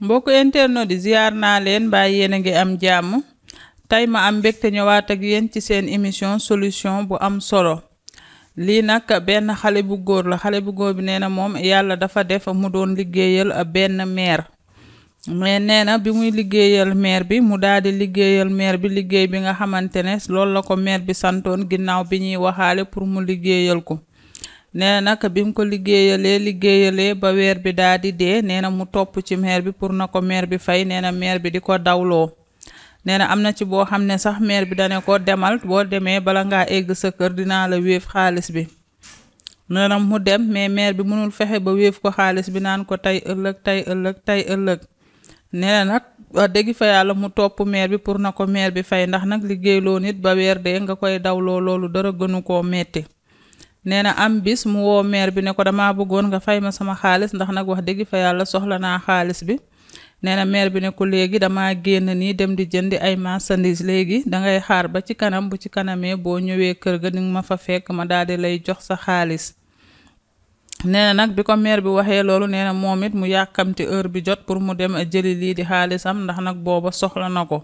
mbokk internet di ziar naa leen mbaa yéen a ngi am jàmm tey ma am mbégte ñëwaat ak yéen ci seen émission solution bu am solo lii nag benn xale bu góor la xale bu góor bi nee na moom yàlla dafa def a mu doon liggéeyal benn meer mais nee na bi muy liggéeyal meer bi mu daal di liggéeyal meer bi liggéey bi nga xamante ne loolu la ko meer bi santoon ginnaaw bi ñuy waxaale pour mu liggéeyal ko nee nag bi mu ko liggéeyalee liggéeyalee ba weer bi daa dee nee na mu topp ci meer bi pour na ko meer bi fay nee na maire bi di ko dawloo nee na am na ci boo xam ne sax maire bi dane ko demal boo demee bala ngaa egg sa kër dinaa la wéef xaalis bi nee mu dem mais maire bi mënul fexe ba wéef ko xaalis bi naan ko tey ëllëg tey ëllëg tey ëllëg nee nag dégg fa yàlla mu topp meer bi pour na ko maire bi fay ndax nag liggéeyloo nit ba weer dee nga koy dawloo loolu dara gënu koo metti nee na am bis mu woo maire bi ne ko dama bëggoon nga fay ma sama xaalis ndax nag wax dégg fa yàlla soxla naa xaalis bi nee na maire bi ne ko léegi dama génn nii dem di jënd ay marchandise léegi dangay xaar ba ci kanam bu ci kanamee boo ñëwee kër ga ni ma fa fekk ma daal di lay jox sa xaalis nee nag bi ko maire bi waxee loolu nee na moom it mu yàkkamti heure bi jot pour mu dem jëli lii di xaalisam ndax nag booba soxla na ko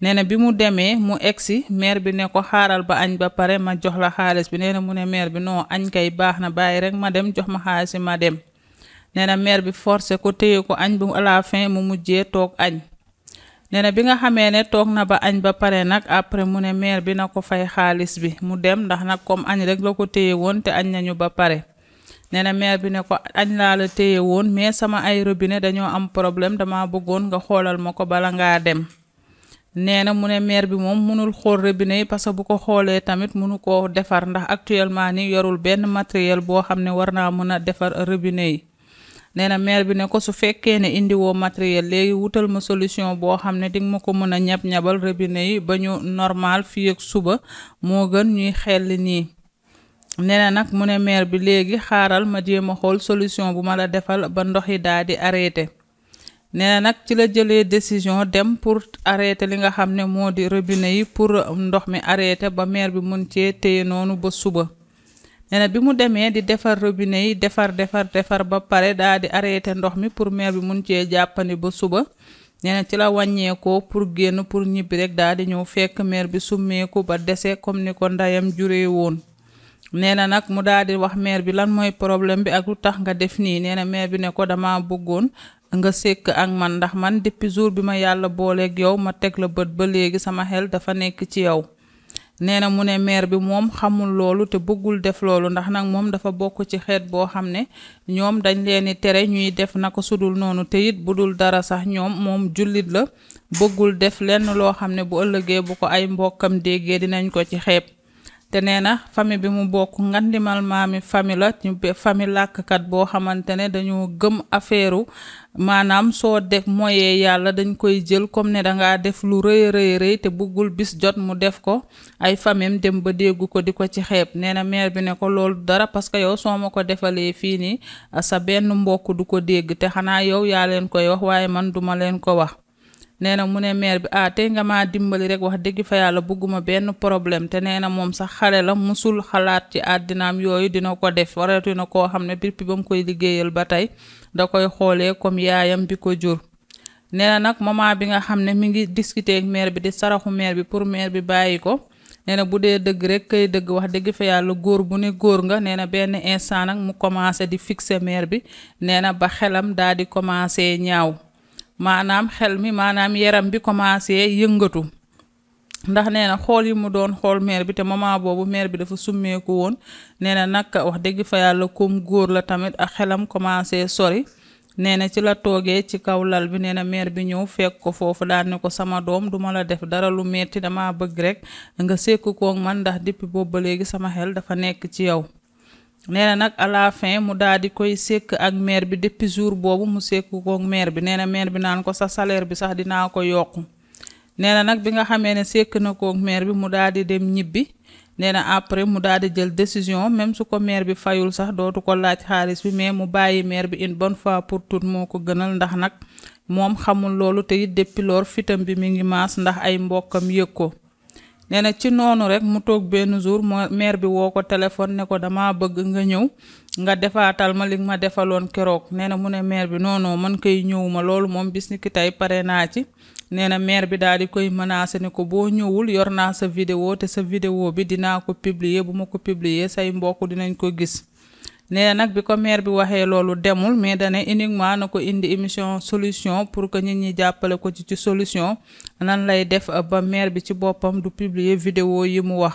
nee na bi mu demee mu egsi maire bi ne ko xaaral ba añ ba pare ma jox la xaalis bi nee na mu ne maire bi noo añ kay baax na bàyyi rek ma dem jox ma xaalis bi ma dem nee na maire bi forcé ko téye ko añ fin mu mujjee toog añ nee na bi nga xamee ne toog na ba añ ba pare nag après mu ne maire bi na ko fay xaalis bi mu dem ndax nag comme añ rek la ko téye woon te añ nañu ba pare nee na maire bi ne ko añ laa la téye woon mais sama ay robinet dañoo am problème dama bëggoon nga xoolal ma ko bala ngaa dem nee na mu ne maire bi moom mënul xool robinet yi parce que bu ko xoolee tamit mënu koo defar ndax actuellement ni yorul benn matériel boo xam ne war naa mën a defar robinet yi nee na maire bi ne ko su fekkee ne indiwoo matériel léegi wutal ma solution boo xam ne dinga ma ko mën a ñab-ñabal robinet yi ba ñu normal fii suba moo gën ñuy xel nii nee na nag mu ne maire bi léegi xaaral ma jéem a xool solution bu ma la defal ba ndox yi daal di arrêté nee na nag ci la jëlee décision dem pour arrêter li nga xam ne moo di robinet yi pour ndox mi arrêter ba maire bi mun cee téye noonu ba suba nee na bi mu demee di defar robinet yi defar defar defar ba pare daa di arrêter ndox mi pour maire bi mun cee jàppandi ba suba nee ci la wàññeekoo pour génn pour ñibbi rek daa di ñëw fekk maire bi summeeku ba dese comme ni ko ndeyam juree woon nee na nag mu daal di wax maire bi lan mooy problème bi ak lu tax nga def nii nee na maire bi ne ko dama bëggoon nga sekk ak man ndax man depuis jour bi ma yàlla booleeg yow ma teg la bët ba léegi sama xel dafa nekk ci yow nee na mu ne maire bi moom xamul loolu te bëggul def loolu ndax nag moom dafa bokk ci xeet boo xam ne ñoom dañ leen di tere ñuy def na ko sudul noonu te it bu dul dara sax ñoom moom jullit la bëggul def lenn loo xam ne bu ëllëgee bu ko ay mbokkam déggee dinañ ko ci xeeb te nee na famille bi mu bokk ngandimal maami famille la ñu famille làkkat boo xamante ne dañoo gëm affaire maanaam soo def moyee yàlla dañ koy jël comme ne dangaa def lu rëy rëy rëy te bëggul bis jot mu def ko ay famem dem ba déggu ko di ko ci xeeb nee na maire bi ne ko loolu dara parce que yow soo ma ko defalee fii nii sa benn mbokk du ko dégg te xanaa yow yaa leen koy wax waaye man duma leen ko wax nee na mu ne maire bi ah tey nga ma dimbali rek wax dëgg fa yàlla bugguma benn problème te nee na moom sax xale la musul xalaat ci àddinaam yooyu dina ko def waratu na koo xam ne depuis ba mu koy liggéeyal ba tey da koy xoolee comme yaayam bi ko jur. nee na nag moment bi nga xam ne mi ngi discuter ak maire bi di saraxu maire bi pour maire bi bàyyi ko nee na bu dee dëgg rek kay dëgg wax dëgg fa yàlla góor bu ne góor nga nee na benn instant nag mu commencé di fixer bi nee na ba xelam daa di commencé ñaaw. maanaam xel mi maanaam yaram bi commencé yëngatu ndax nee na xool yi mu doon xool mère bi te moment boobu meer bi dafa summeeku woon nee na nag wax dëgg fa yàlla comme góor la tamit ak xelam commencé sori nee na ci la toogee ci kaw lal bi nee na mère bi ñëw fekk ko foofu daal ne ko sama doom duma la def dara lu metti damaa bëgg rek nga sekk koog man ndax depuis boobu ba léegi sama xel dafa nekk ci yow nee na nag à fin mu daal di koy sekk ak maire bi depuis jour boobu mu sekk ko maire bi nee na maire bi naan ko sa salaire bi sax dinaa ko yokku nee na nag bi nga xamee ne sekk na ko maire bi mu daal di dem ñibbi nee na après mu daal di jël décision même su ko maire bi fayul sax dootu ko laaj xaalis bi mais mu bàyyi maire bi une bonne fois pour tout moo ko gënal ndax nag moom xamul loolu te it depuis loor fitam bi mu ngi maas ndax ay mbokkam yëg ko nee na ci noonu rek mu toog benn jour ma maire bi woo ko téléphone ne ko dama bëgg nga ñëw nga defaatal ma li ma defaloon keroog nee na mu ne maire bi non non man koy ñëw ma loolu moom bis ni ki tey pare naa ci nee na maire bi daal di koy menacé ne ko boo ñëwul yor naa sa vidéo te sa vidéo bi dinaa ko publier bu ma ko piblier say mbokk dinañ ko gis nee nag bi ko maire bi waxee loolu demul mais dane uniquement na ko indi émission solution pour que nit ñi jàppale ko ci ci solution nan lay def ba maire bi ci boppam du publier vidéo yi mu wax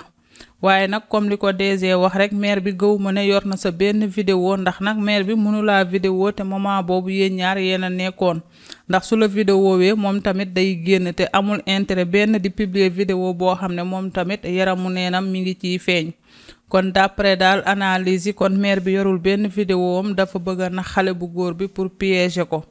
waaye nag comme li ko DG wax rek maire bi gëw ma ne yor na sa benn vidéo ndax nag maire bi mënula vidéo te moment boobu yéen ñaar yéen a nekkoon ndax su la vidéo wee moom tamit day génn te amul intérêt benn di publier vidéo boo xam ne moom tamit yaramu neenam mi ngi ciy feeñ kon d'après daal analyse kon maire bi yorul benn vidéo am dafa bëgg a nax xale bu góor bi pour piéger ko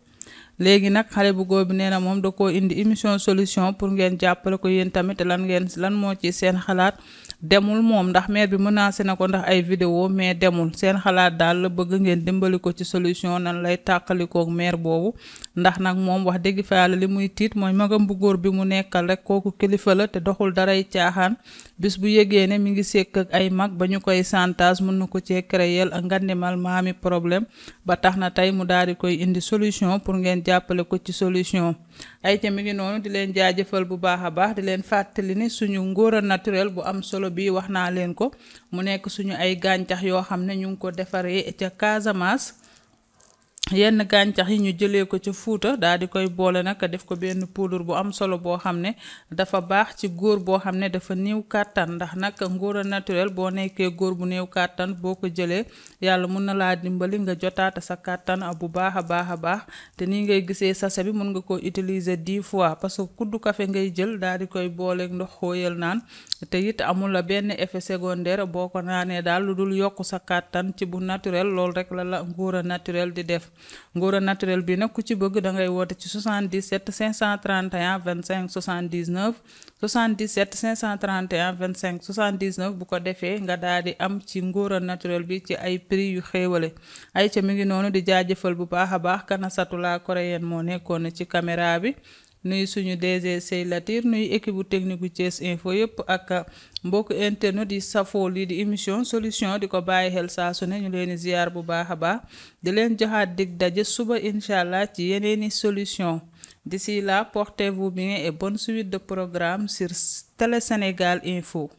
léegi nag xale bu góor bi nee na moom da ko indi émission solution pour ngeen jàppale ko yéen tamit lan ngeen lan moo ci seen xalaat demul moom ndax maire bi menacé na ko ndax ay vidéo mais demul seen xalaat daal la bëgg ngeen dimbali ko ci solution nan lay tàqalikook maire boobu ndax nag moom wax dëgg fa li muy tiit mooy magam bu góor bi mu nekkal rek kooku kilifa la te doxul daray caaxaan bis bu yëgee ne mi ngi sekk ak ay mag ba ñu koy chantage mun na ko cee créer nga ndimal maami problème ba tax na tey mu daal di koy indi solution pour ngeen jàppale ko ci solution ay ca mi ngi noonu di leen jaajëfal bu baax a baax di leen fàttali ni suñu ngóora naturel bu am solo bii wax naa leen ko mu nekk suñu ay gàncax yoo xam ne ñu ngi ko defaree ca Casamance yenn gàncax yi ñu jëlee ko ca fuuta daal di koy boole nag def ko benn poudre bu am solo boo xam ne dafa baax ci góor boo xam ne dafa néew kàttan ndax nag ngóora naturel boo nekkee góor bu néew kàttan boo ko jëlee yàlla mun na laa dimbali nga jotaata sa kàttan bu a baax a baax te nii ngay gisee sachet bi mun nga ko utiliser dix fois parce que kuddu café ngay jël daal di koy booleeg ndox xóoyal naan te it amul la benn effet secondaire boo ko naanee daal lu dul yokk sa kàttan ci bu naturel loolu rek la la ngóora naturel di def ngóor naturel bi nag ku ci bëgg dangay woote ci 77 531 25 vingt 77 531 25 79 bu ko defee nga daal di am ci ngóor a naturel bi ci ay prix yu xéewale ay ca mi ngi noonu di jaajëfal bu baax a baax kana satulaa koréen moo nekkoon ci caméra bi nuy suñu DG Sey Latir nuy équipe bu technique bu Thiès Info yëpp ak mbokk internet di safoo lii di émission solution di ko bàyyi xel saa su ne ñu leen di bu baax a baax di leen joxaat dig daje suba incha allah ci yeneeni solution d'ici là portez-vous bien et bonne suite de programme sur Télé Sénégal Info